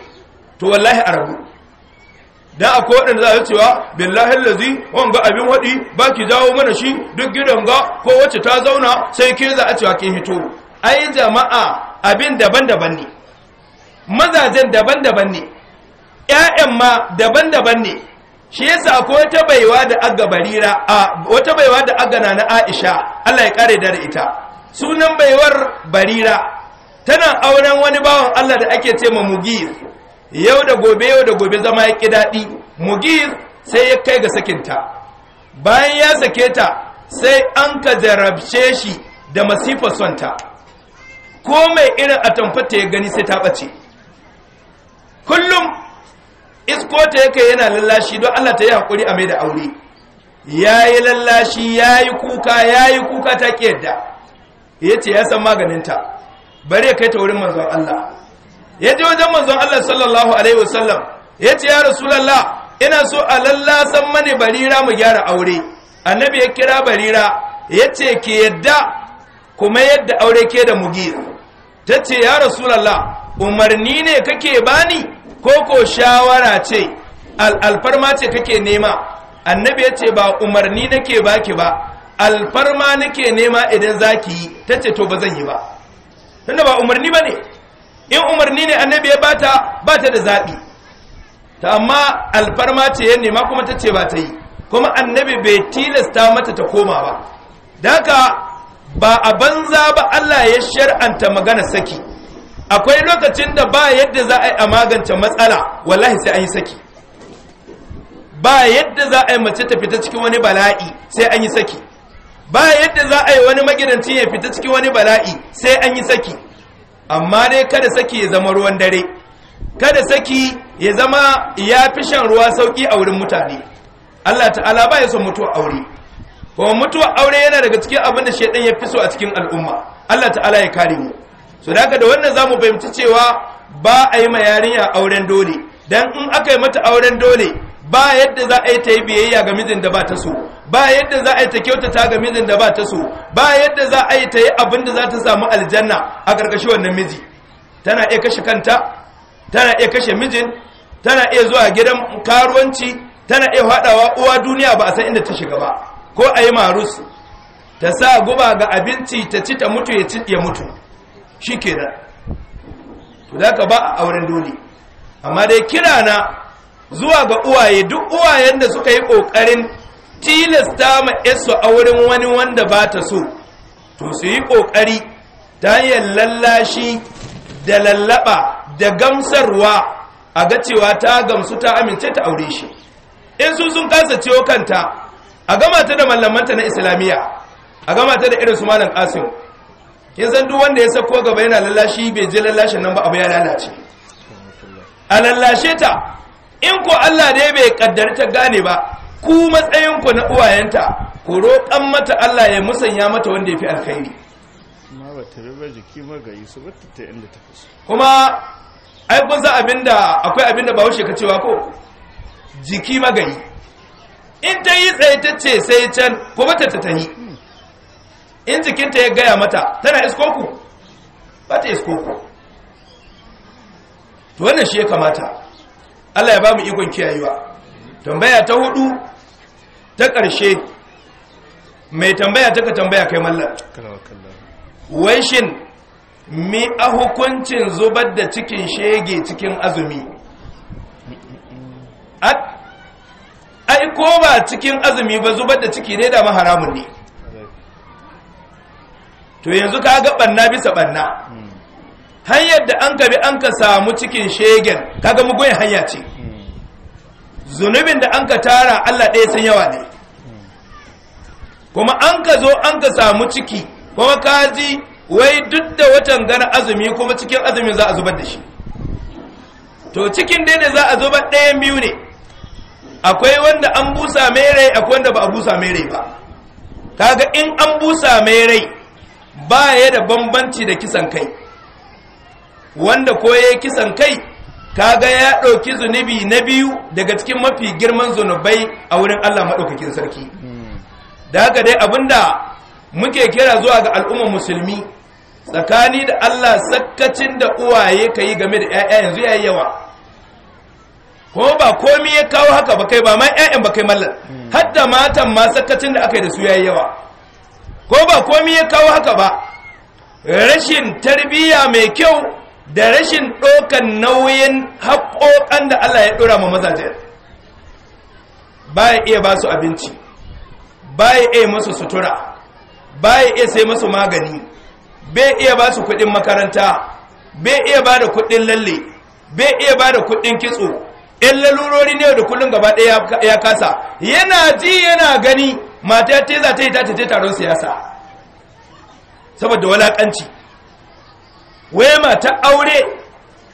B: to wallahi a rabu da akwai waɗanda za a cewa billahi lazi wanga abin waɗi ba ki jawo mana shi duk gidan ga ko wacce ta zauna sai ke za a cewa ke hito ai jama'a abin daban-daban ne mazajen daban-daban ne ƴaƴan ma daban-daban ne shi yasa akwai wata baiwa da aga barira a wata baiwa da aga na Aisha Allah ya kare da ita sunan baiwar barira tana auren wani bawan Allah da ake ce ma mugis yau da gobe yau da gobe zama ya ƙi daɗi mugir sai ya kai ga sakinta bayan ya sake ta sai an ka jarabce shi da masifar sonta ko mai irin atamfata ya gani sai ta ɓace kullum iskota ya kai yana lallashi don allah ta yi haƙuri a mai da aure ya yi lallashi ya yi kuka ya yi kuka ta ƙi yadda ya ce ya san maganinta bari ya kai ta wurin manzon allah ya je wajen manzon Allah sallallahu alaihi wasallam ya ce ya rasulullah ina so a lallasan mani barira mu gyara aure annabi ya kira barira ya ce ke yadda kuma yadda aure ke da mugi ta ce ya rasulullah umarni ne kake bani ko ko shawara ce alfarma ce kake nema annabi ya ce ba umarni nake baki ba alfarma nake nema idan zaki yi ta ce to ba zan yi ba tunda ba umarni ba ne in umarni ne annabi ya bata bata da zaɓi ta amma alfarma ce ya nema kuma ta ce ba ta yi kuma annabi bai tilasta mata ta koma ba daga ba a banza ba Allah ya shar'anta magana saki akwai lokacin da ba yadda za a yi a magance matsala wallahi sai an yi saki ba yadda za a yi mace ta fita cikin wani bala'i sai an yi saki ba yadda za a yi wani magidanci ya fita cikin wani bala'i sai an yi saki amma dai kada saki ya zama ruwan dare kada saki ya zama ya fi shan ruwa sauki a wurin mutane Allah ta'ala ba ya son mutuwar aure kuma mutuwar aure yana daga cikin abin da shaidan ya fi so a cikin al'umma Allah ta'ala ya kare mu so da da wannan zamu fahimci cewa ba a yi ma yarinya auren dole dan in aka yi mata auren dole ba yadda za a yi ta yi biyayya ga mijin da ba ta so ba yadda za a yi ta kyautata ga mijin da ba ta so ba yadda za a yi ta yi abin da za ta samu aljanna a ƙarƙashin wannan miji tana iya kashe kanta tana iya kashe mijin tana iya zuwa gidan karuwanci tana iya haɗawa uwa duniya ba a san inda ta shiga ba ko a yi marus ta sa guba ga abinci ta ci ta mutu ya ci ya mutu shi kenan to da ka ba a auren dole amma dai kira na zuwa ga uwaye duk uwayen da suka yi ƙoƙarin tilasta ma esu a wurin wani wanda ba ta so to su yi ƙoƙari ta hanyar lallashi da lallaba da gamsarwa a ga cewa ta gamsu ta amince ta aure shi in su sun kasa ciwo kanta a gama ta da mallamanta na islamiyya a gama ta da irin su malam kasim kin san duk wanda ya sako gaba yana lallashi bai je lallashin nan ba abu ya lalace a lallashe ta in ko Allah dai bai kaddari ta gane ba ku matsayin ku na uwayenta ku roƙan mata Allah ya musanya mata wanda ya fi alkhairi
A: kuma ba ta ba jiki
B: magayi su ba ta inda ta fi kuma ai kun san abinda akwai abinda ba wuce ka cewa ko jiki magani. in ta yi tsaye ta ce sai can kuma ta ta yi in jikinta ya gaya mata tana iskoku ba ta iskoku to wannan shi ya kamata Allah ya ba mu ikon kiyayewa tambaya ta hudu ta ƙarshe mai tambaya ta ka tambaya kai mallar wai shin mi a hukuncin zubar da cikin shege cikin azumi a iko ba cikin azumi ba zubar da ciki ne da maharamun ne to yanzu ka ga banna bisa banna hanyar da an kabi an ka samu cikin shegen kaga mugun hanya ce zunubin da an ka tara Allah ɗaya san yawa ne kuma an ka zo an ka samu ciki kuma ka ji wai duk da watan gana azumi kuma cikin azumi za a zubar da shi to cikin dai ne za a zubar ɗayan biyu ne akwai wanda an busa mai rai akwai wanda ba a busa mai rai ba kaga in an busa mai rai ba ya da bambanci da kisan kai wanda ko ya kisan kai kaga ya ɗauki zunubi na biyu daga cikin mafi girman zunubai a wurin Allah maɗaukakin sarki da haka dai abinda muke kira zuwa ga al'ummar musulmi tsakani da Allah sakacin da uwaye ka yi game da 'ya'ya yanzu ya yi yawa ko ba komi ya kawo haka ba kai ba ma 'ya'yan ba kai mallan hadda matan ma sakacin da aka yi da su ya yi yawa ko ba komi ya kawo haka ba rashin tarbiyya mai kyau da rashin ɗaukan nauyin haƙoƙan da Allah ya ɗora ma mazaje ba ya iya ba su abinci ba ya iya masu sutura ba ya iya sai masu magani bai iya ba su kuɗin makaranta bai iya ba da kuɗin lalle bai iya ba da kuɗin kitso in lalurori ne da kullum gaba ɗaya ya kasa yana ji yana gani mata ya teza ta yi ta taron siyasa saboda walaƙanci wema ta aure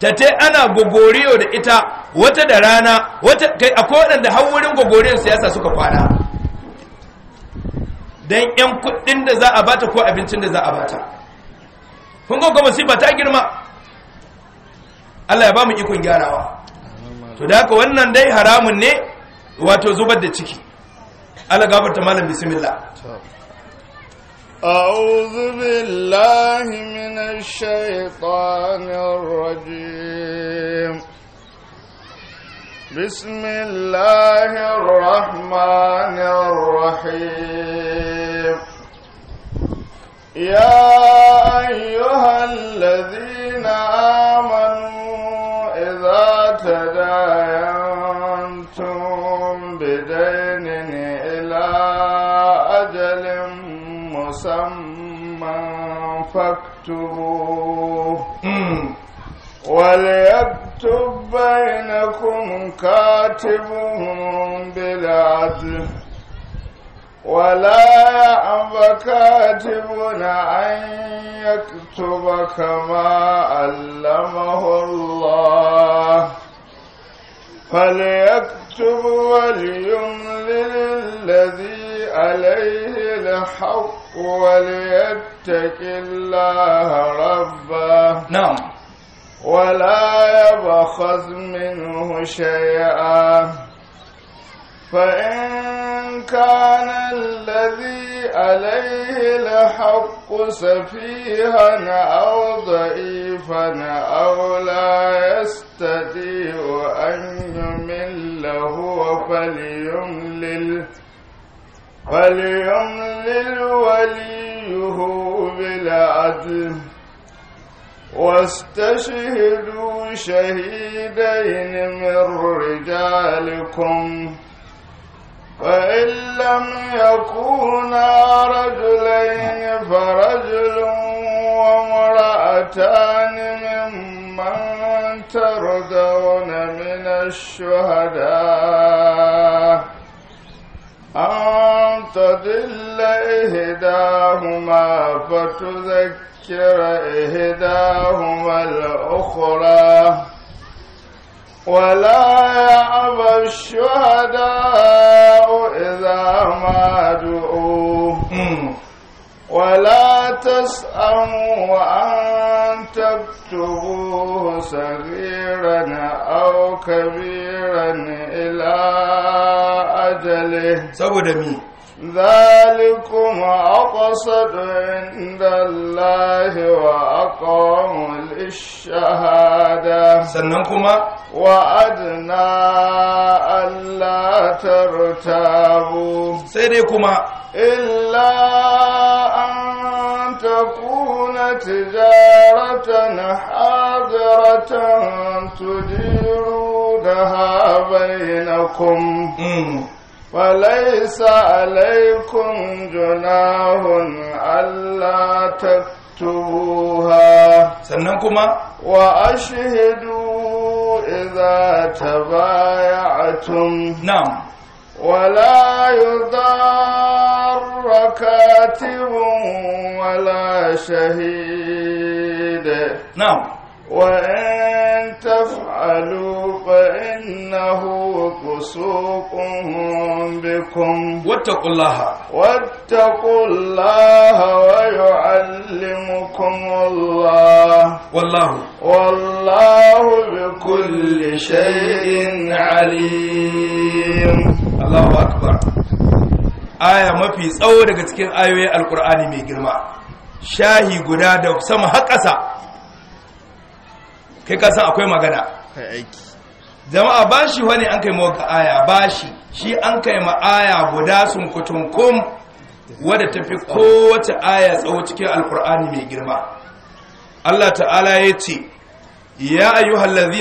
B: ta te ana gogoriyo da ita wata da rana wata kai a waɗanda har wurin gogoriyar siyasa suka kwana don yan kuɗin da za a bata ko abincin da za a bata kun ga masifa ta girma Allah ya ba mu ikon gyarawa to da haka wannan dai haramun ne wato zubar da ciki Allah gafarta malam bismillah أعوذ
A: بالله من الشيطان الرجيم بسم الله الرحمن الرحيم يا أيها الذين آمنوا إذا تداينتم بدين إلى مسمى فاكتبوه وليكتب بينكم كاتب بالعدل ولا يعب كاتب أن يكتب كما علمه الله فليكتب وليملل الذي عليه الحق وليتك الله ربه نعم ولا يبخس منه شيئا فإن كان الذي عليه الحق سفيها أو ضعيفا أو لا يستطيع أن يمله فليملل فليملل وليه بالعدل واستشهدوا شهيدين من رجالكم فإن لم يكونا رجلين فرجل وامرأتان ممن ترضون من الشهداء أن تضل إهداهما فتذكر إهداهما الأخرى ولا يأبى الشهداء إذا ما دعوا ولا تسأموا أن تكتبوه صغيرا أو كبيرا إلى أجله ذلكم أقصد عند الله وأقام للشهادة سننكما وأدنى ألا
B: ترتابوا سيريكما
A: إلا أن تكون تجارة حاضرة تديرونها بينكم فليس عليكم جناح ألا تكتبوها سننكما وأشهدوا إذا تبايعتم نعم ولا يضار كاتب ولا شهيد نعم وإن تفعلوا فإنه فسوق بكم واتقوا الله واتقوا الله ويعلمكم الله
B: والله والله بكل شيء عليم الله أكبر آية ما في صورة كتكين آية القرآن mai girma shahi guda da sama kai kasan akwai magana jama'a ba shi wani an kai aya ba shi shi an kai ma aya guda sun kutun kum wadda tafi kowace aya tsawo cikin alkur'ani mai girma allah ta'ala ya ce ya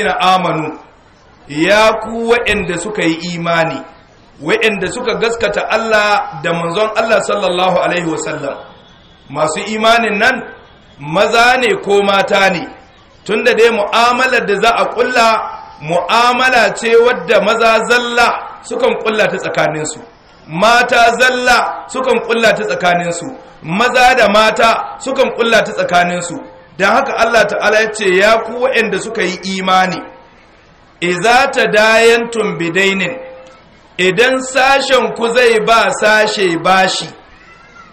B: na amanu ya ku waɗanda suka yi imani waɗanda suka gaskata Allah da manzon Allah sallallahu alaihi wasallam masu imanin nan maza ne ko mata ne tunda dai mu'amalar da za a kulla mu'amala ce wadda maza zalla sukan kulla ta tsakaninsu mata zalla sukan kulla ta tsakaninsu maza da mata sukan kulla ta tsakaninsu don haka Allah ta'ala ya ce ya ku waɗanda suka yi imani iza ta dayan tumbidainin idan sashen ku zai ba sashe bashi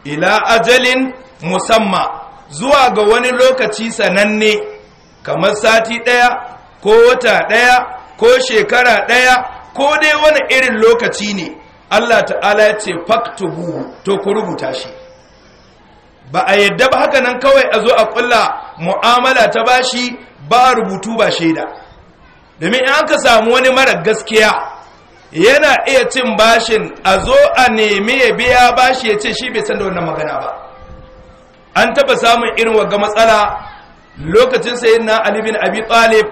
B: ila ajalin musamma zuwa ga wani lokaci sananne kamar sati ɗaya ko wata ɗaya ko shekara ɗaya ko dai wani irin lokaci ne Allah ta'ala ya ce faktubu to ku rubuta shi ba a yadda ba haka nan kawai a zo a kulla mu'amala ta bashi ba rubutu ba shaida domin in aka samu wani mara gaskiya yana iya cin bashin a zo a nemi ya biya bashi ya ce shi bai san da wannan magana ba an taba samun irin waga matsala lokacin sai na Ali bin Abi Talib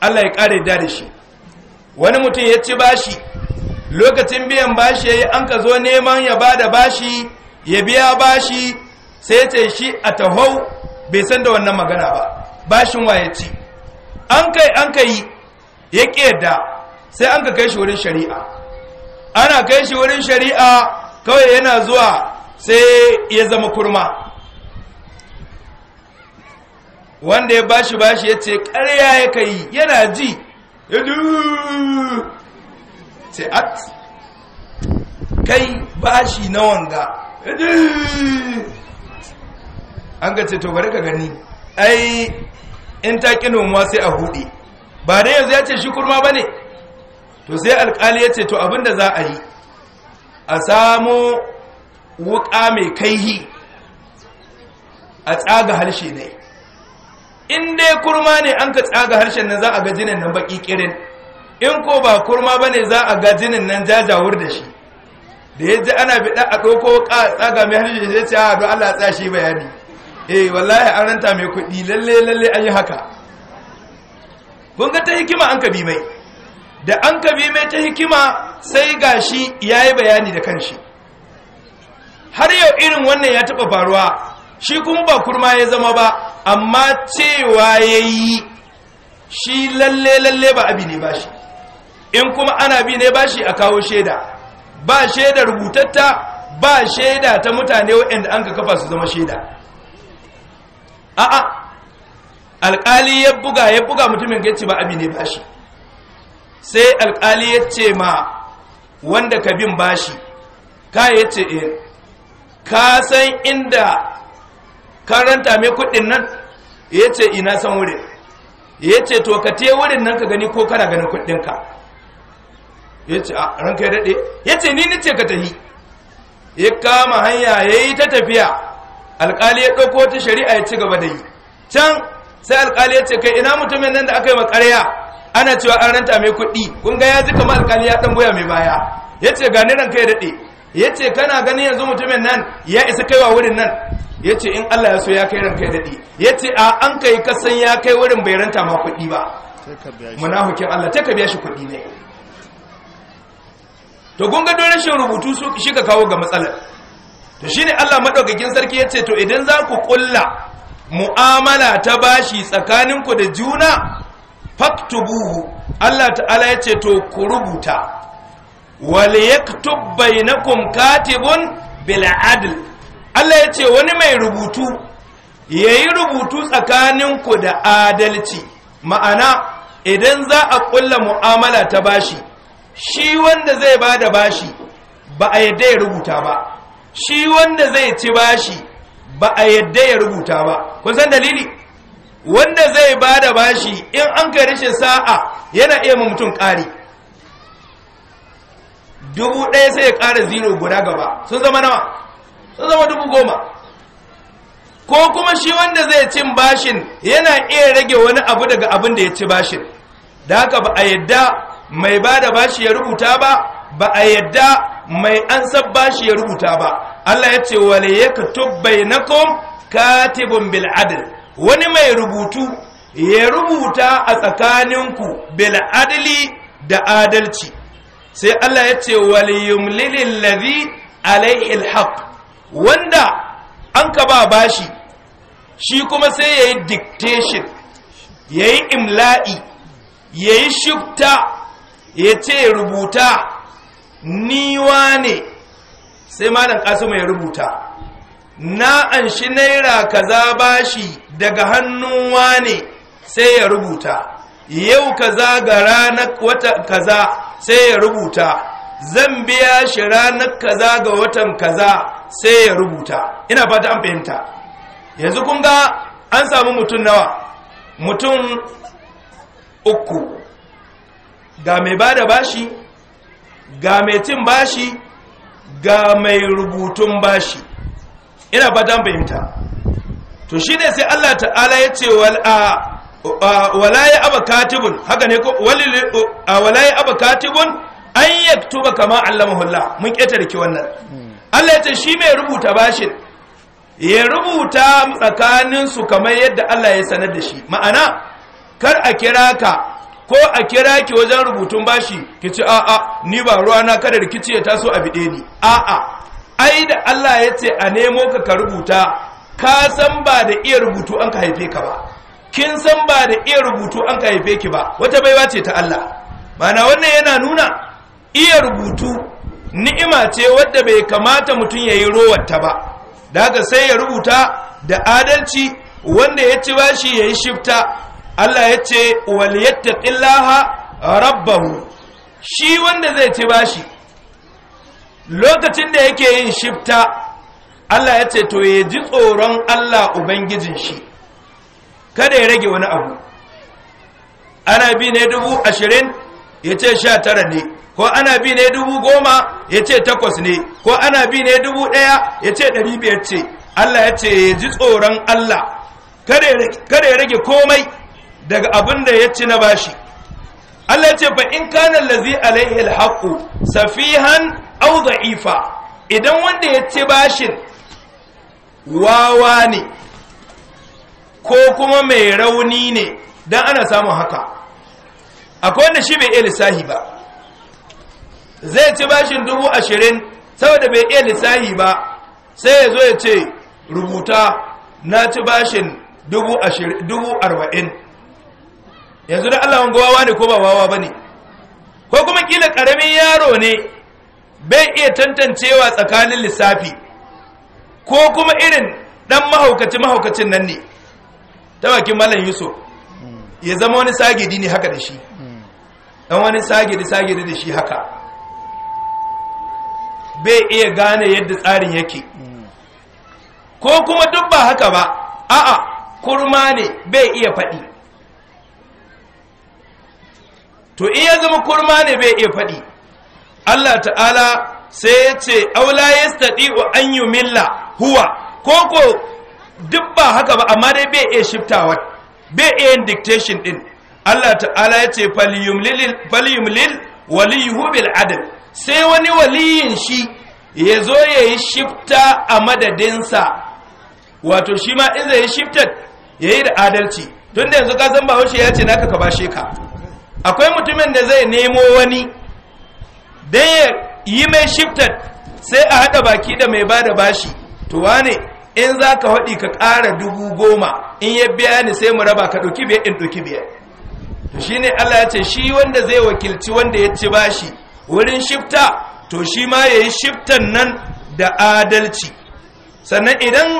B: Allah ya kare da shi wani mutum ya ci bashi lokacin biyan bashi ya yi an ka zo neman ya ba da bashi ya biya bashi sai ce shi a tahau bai san da wannan magana ba bashin waye ci an kai an kai ya ƙeda sai an ka kai shi wurin shari'a ana kai shi wurin shari'a kawai yana zuwa sai ya zama kurma wanda ya bashi bashi ya ce ƙarya ya kai yana ji ya ce at kai bashi na wanga an ga ce to bari ka gani ai in ta noma sai a hudu ba dai yanzu ya ce shi kurma ba ne to sai alƙali ya ce to abinda za a yi a samo wuƙa mai kaihi a tsaga harshe ne in dai kurma ne an ka tsaga harshen nan za a ga jinin nan baki kirin in ko ba kurma ba ne za a ga jinin nan jajawur da shi da ya ji ana biɗa a ɗauko ka tsaga mai harshe ya ce a ah, Allah allah tsashi bayani eh wallahi an ranta mai kuɗi lalle lalle an yi haka kun ga ta hikima an ka bi mai da an ka bi mai ta hikima sai gashi ya yi bayani da kanshi har yau irin wannan ya taɓa faruwa shi kuma ba kurma ya zama ba amma cewa ya yi shi lalle lalle ba abi ne ba shi in kuma ana bi ne ba shi a kawo shaida ba shaida rubutatta ba shaida ta mutane waɗanda an ka kafa su zama shaida a'a alkali ya buga ya buga mutumin ya ce ba abi ne ba shi sai alƙali ya ce ma wanda ka bin bashi ka ya ce eh, ka san inda karanta mai kuɗin nan ya ce ina san wurin ya ce to ka te wurin nan ka gani ko kana ganin kuɗinka ya ce a ranka ya daɗe ya ce ni nice ka tafi ya kama hanya ya yi ta tafiya alƙali ya ɗauko ta shari'a ya ci gaba da yi can sai alƙali ya ce kai ina mutumin nan da aka yi wa karya? ana cewa an ranta mai kuɗi kun ga ya ji kamar alƙali ya ɗan goya mai baya ya ce gani ranka ya daɗe ya ce kana ganin yanzu mutumin nan ya isa kaiwa wurin nan ya ce in Allah ya so ya kai ranka ya daɗi ya ce a an kai kasan ya kai wurin bai ranta ma kuɗi ba Muna hukin Allah ta ka biya shi kuɗi ne to gunga don rashin rubutu shi ka kawo ga matsalar to shi ne Allah maɗaukakin sarki ya ce to idan za ku ƙulla mu'amala ta bashi tsakanin ku da juna faktubuhu Allah ta'ala ya ce to ku rubuta wal yaktub bainakum katibun bil adl Allah ya ce wani mai rubutu ya yi rubutu tsakaninku da adalci ma'ana idan za a ƙulla mu'amala ta bashi shi wanda zai ba da bashi ba a yadda ya rubuta ba shi wanda zai ci bashi ba a yadda ya rubuta ba kun san dalili wanda zai ba da bashi in an kai rashin sa'a yana iya mutum ƙari dubu ɗaya sai ya ƙara zinu guda gaba sun zama nawa ta zama dubu goma ko kuma shi wanda zai cin bashin yana iya rage wani abu daga abin da ya ci bashin da haka ba a yadda mai ba da bashi ya rubuta ba ba a yadda mai an bashi ya rubuta ba Allah ya ce wale ya katub na katibun katibin bil'adil wani mai rubutu ya rubuta a tsakaninku bil'adili da adalci sai Allah ya ce wale mulilin ladhi alaihi alhaq wanda an ka ba bashi shi kuma sai ya yi dictation ya yi imla'i ya yi shifta ya ce rubuta niwa ne sai malam kasu mai rubuta na an shi naira kaza bashi daga hannun wane sai ya rubuta yau kaza ga ranar wata kaza sai ya rubuta zan biya shi ranar kaza ga watan kaza sai ya rubuta ina fata an fahimta yanzu kun ga an samu mutum nawa mutum uku ga mai ba da bashi ga mai cin bashi ga mai rubutun bashi ina fata an fahimta to shi ne sai allah ta'ala ya ce walaye abu katibun haka ne ko walaye abu katibun an yaktuba kama allama hulla mun ƙetare ki wannan Allah ya ce shi mai rubuta bashin ya rubuta tsakanin su kamar yadda Allah ya sanar da shi ma'ana kar a kira ka ko a kira ki wajen rubutun bashi ki ce a'a ni ba ruwa na, kada rikici ya taso a bide ni a'a ai da Allah ya ce a nemo ka ka rubuta ka san ba da iya rubutu an ka haife ka ba kin san ba da iya rubutu an ka haife ki ba wata baiwa ce ta Allah ma'ana wannan yana nuna iya rubutu ni'ima ce wadda bai kamata mutum ya yi rowarta ba daga sai ya rubuta da adalci wanda ya ci bashi ya yi shifta Allah ya ce ƙillaha rabbahu shi wanda zai ci bashi lokacin da yake yin shifta Allah ya ce to ya ji tsoron Allah ubangijin shi kada ya rage wani abu ana bi ne dubu ashirin ya ce sha tara ne ko ana bi ne dubu goma ya ce takwas ne ko ana bi ne dubu ɗaya ya ce ɗari biyar ce Allah ya ce ya ji tsoron Allah kada rage komai daga abin da ya ci na bashi Allah ya ce fa in kanan lazi alaihi alhaqu safihan au za'ifa idan wanda ya ci bashin wawa ne ko kuma mai rauni ne dan ana samun haka akwai wanda shi bai iya lissahi ba zai ci bashin dubu ashirin saboda bai iya lissahi ba sai ya zo ya ce rubuta na ci bashin dubu arba'in yanzu da allah wawa ne ko ba wawa ba ne ko kuma kila ƙaramin yaro ne bai iya tantancewa tsakanin lissafi ko kuma irin ɗan mahaukaci mahaukacin nan ne ta bakin malam yusuf ya zama wani sagidi ne haka da shi ɗan hmm. wani sagidi sagidi da shi haka bai iya gane yadda tsarin yake ko kuma duk ba haka ba a'a kurma ne bai iya faɗi to iya zama kurma ne bai iya faɗi Allah ta'ala sai ya ce aula ya staɗi wa an yi milla huwa ko ko duk ba haka ba amma dai bai iya shiftawa bai iya yin dictation ɗin Allah ta'ala ya ce faliyumlil waliyuhu bil adal sai wani waliyin shi ya zo ya yi shifta a madadinsa wato shi ma in zai yi shiftar ya yi da adalci tun da yanzu kasan bahaushe ya ce naka ka bashe ka akwai mutumin da zai nemo wani don ya yi mai shiftar sai a haɗa baki da mai ba da bashi to wane in za ka haɗi ka ƙara dubu goma in ya biya ni sai mu raba ka ɗauki biyar in ɗauki biyar shi ne allah ya ce shi wanda zai wakilci wanda ya ci bashi wurin shifta to shi ma ya yi shiftan nan da adalci sannan idan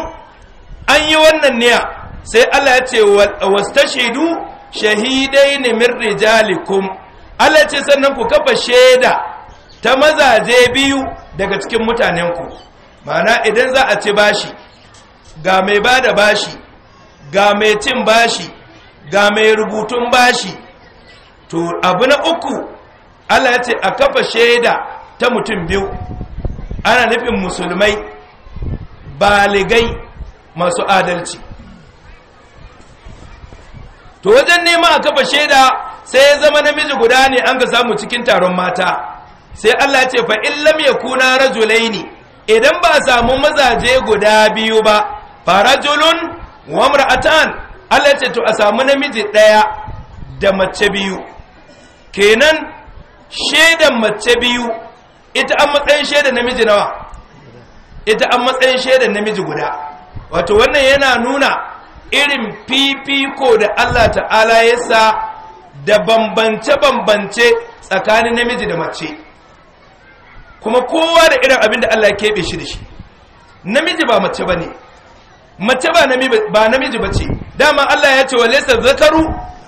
B: an yi wannan niya sai Allah ya ce shaidu shahidai ne min rijalikum Allah ce sannan ku kafa shaida ta mazaje biyu daga cikin mutanenku mana idan za a ci bashi ga mai ba da bashi ga mai cin bashi ga mai rubutun bashi to abu na uku Allah ya ce a kafa shaida ta mutum biyu ana nufin musulmai baligai masu adalci to wajen nema a kafa shaida sai ya zama namiji guda ne an ga samu cikin taron mata sai Allah ya ce fa illam yakuna rajulaini idan ba a samu mazaje guda biyu ba fa rajulun wa imra'atan Allah ya ce to a samu namiji daya da mace biyu kenan shaidan mace biyu ita an matsayin shaidan namiji nawa ita an matsayin shaidan namiji guda wato wannan yana nuna irin fifiko da Allah ta'ala ya sa da bambance-bambance tsakanin namiji da mace kuma kowa da irin abin da Allah ya keɓe shi da shi namiji ba mace ba ne mace ba namiji ba ce dama Allah ya ce wa lesa zakaru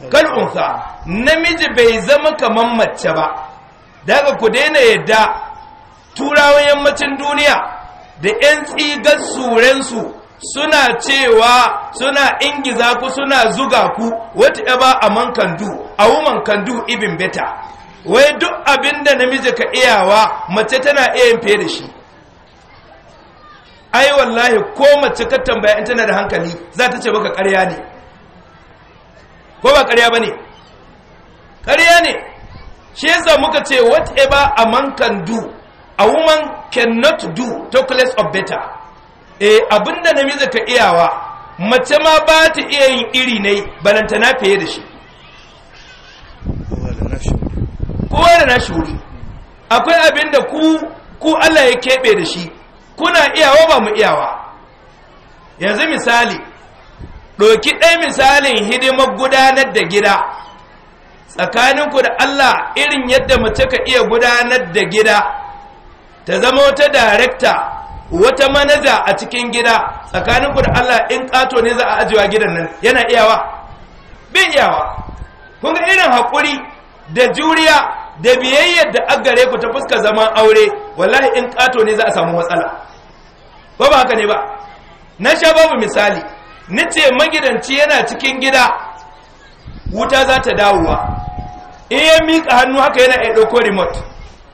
B: kal'unsa namiji bai zama kamar mace ba daga ku daina yadda turawan yammacin duniya da 'yan tsigar surensu suna cewa suna ingiza ku suna zuga ku wata a man kandu a woman kandu ibin beta wai duk abin da namiji ka iyawa mace tana iya yin fiye da shi ai wallahi ko mace ka tambaya in tana da hankali za ta ce baka karya ne ko ba karya ba ne ƙarya ne shi yasa muka ce whatever a man can do a woman cannot do talk less of better eh abinda namiji ka iyawa mace ma ba ta iya yin iri ne na fiye da shi kowa da nashi wuri akwai abin ku ku Allah ya keɓe da shi kuna iyawa ba mu iyawa yanzu misali doki ɗaya misalin hidimar gudanar da gida tsakaninku da Allah irin yadda mace ka iya gudanar da gida ta zama wata darekta wata manaja a cikin gida tsakaninku da Allah in kato ne za a ajiyewa gidan nan yana iyawa bin iyawa kun ga irin haƙuri da juriya da biyayyar da agare ku ta fuska zaman aure wallahi in kato ne za a samu matsala ba ba haka ne ba na sha babu misali nace magidanci yana cikin gida wuta za ta dawowa in ya miƙa hannu haka yana ya ɗauko remote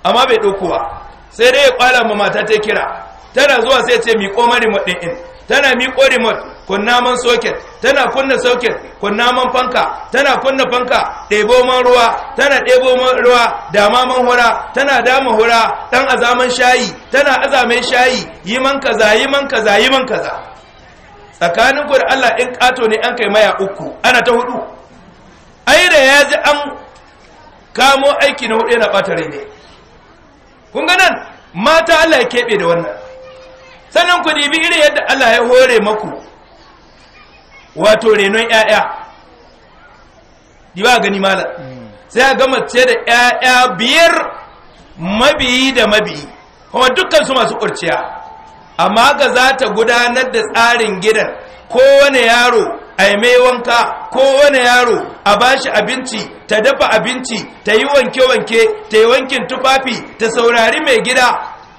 B: amma bai ɗaukowa sai dai ya ƙwala ma mata ta kira tana zuwa sai ce miƙo ma remote ɗin in tana miƙo remote kunna man socket tana kunna soket kunna man fanka tana kunna fanka ɗebo man ruwa tana ɗebo man ruwa dama man hura tana dama hura ɗan azaman shayi tana azaman shayi yi man kaza yi man kaza yi man kaza tsakanin ku da Allah in ƙato ne an kai maya uku ana ta hudu ai da ya ji an kamo aiki na hudu yana bata rai ne kun ga nan mata Allah ya keɓe da wannan sannan ku dibi irin yadda Allah ya hore maku wato renon 'ya'ya diwa gani malam sai a ga mace da 'ya'ya biyar mabiyi da mabiyi kuma dukkan su masu kurciya amma ga za ta gudanar da tsarin gidan kowane yaro a mai wanka wani yaro a bashi abinci ta dafa abinci ta yi wanke-wanke ta yi wankin tufafi ta saurari mai gida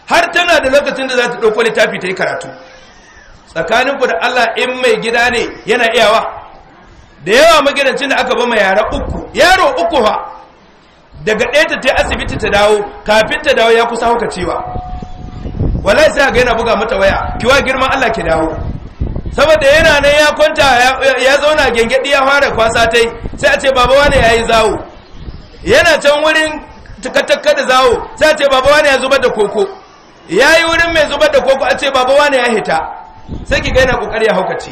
B: har tana da lokacin da za ta ɗauko littafi ta yi karatu tsakaninku da allah in mai gida ne yana iyawa da yawa magidancin da aka ba bama yara uku yaro uku ha daga ɗaya ta ta asibiti ta dawo kafin ta dawo ya kusa hukacewa wallahi sai ga yana buga mata waya kiwa girman allah ki dawo saboda yana nan ya kwanta ya zauna gengedi ya fara kwasa tai sai a ce baba wani yi zawo yana can wurin takatakka da zawo sai a ce baba wani ya zubar da koko Ya yi wurin mai zubar da koko a ce baba wani ya hita sai ki ga yana kokari ya haukace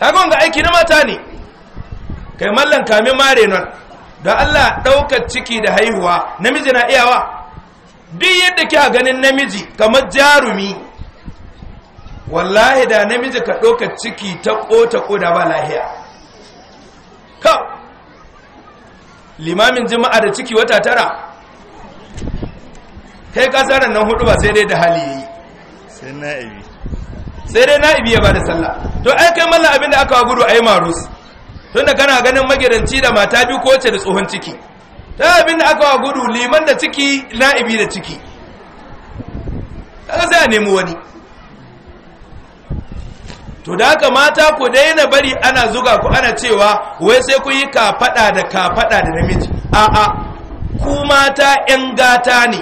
B: kaga ga aiki na mata ne kai mallan kame mare nan don Allah daukar ciki da haihuwa namiji na iyawa duk yadda kika ganin namiji kamar jarumi wallahi da namiji ka ɗauka ciki ta ƙota ƙoda ba lahiya ka limamin jima'a da ciki wata tara kai ƙasarar nan hudu ba sai dai da hali yi
A: sai na'ibi
B: sai dai na'ibi ya ba da sallah to ai kai mallan abin da aka gudu a yi marus tunda kana ganin magidanci da mata biyu ko wace da tsohon ciki ta abin da aka gudu liman da ciki na'ibi da ciki kaga sai a nemi wani to da haka mata ku daina bari ana zuga ku ana cewa wai sai ku yi kafaɗa da kafaɗa da namiji a'a ku mata 'yan gata ne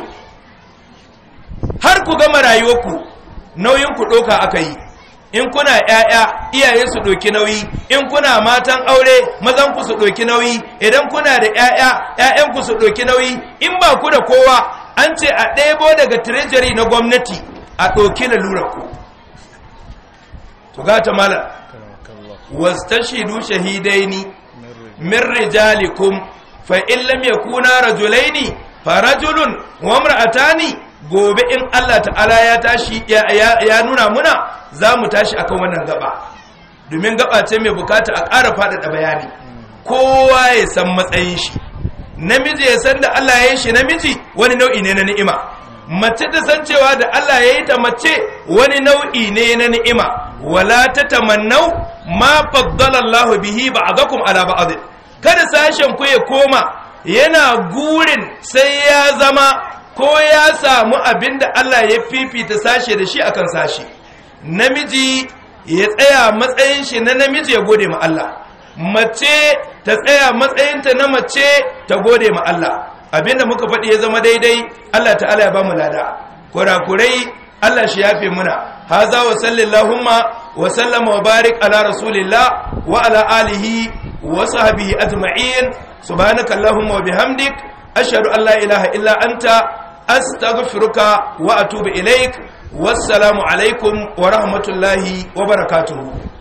B: har ku gama rayuwarku nauyin ku ɗoka aka yi in kuna ‘ya'ya iyaye su ɗoki nauyi in kuna matan aure mazan ku su ɗoki nauyi idan kuna da ‘ya'ya ‘ya'yan ku su ɗoki nauyi in ba ku da kowa an ce a ɗebo daga treasury na gwamnati a ɗoki lalurar ku to gata mala wastashidu shahidaini min rijalikum fa in lam yakuna rajulaini fa rajulun wa imra'atani gobe in Allah ta'ala ya tashi ya nuna muna za mu tashi akan wannan gaba domin gaba ce mai bukata a ƙara faɗaɗa bayani kowa ya san matsayin shi namiji ya san da Allah ya yi shi namiji wani nau'i ne na ni'ima mace ta san cewa da Allah ya yi ta mace wani nau'i ne na ni'ima wala ta tamannau ma faddala Allah bihi ba'dakum ala ba'd kada sashen ku ya koma yana gurin sai ya zama ko ya samu abinda Allah ya fifita sashe da shi akan sashe namiji ya tsaya matsayin shi na namiji ya gode ma Allah mace ta tsaya matsayinta na mace ta gode ma Allah abinda muka faɗi ya zama daidai Allah ta'ala ya bamu lada kurakurai Allah shi yafe muna haza wa sallallahumma wa sallama wa barik ala rasulillah wa ala alihi wa sahbihi ajma'in subhanakallahumma wa bihamdik ashhadu an la ilaha illa anta astaghfiruka wa atubu ilaik wassalamu alaikum wa rahmatullahi wa barakatuhu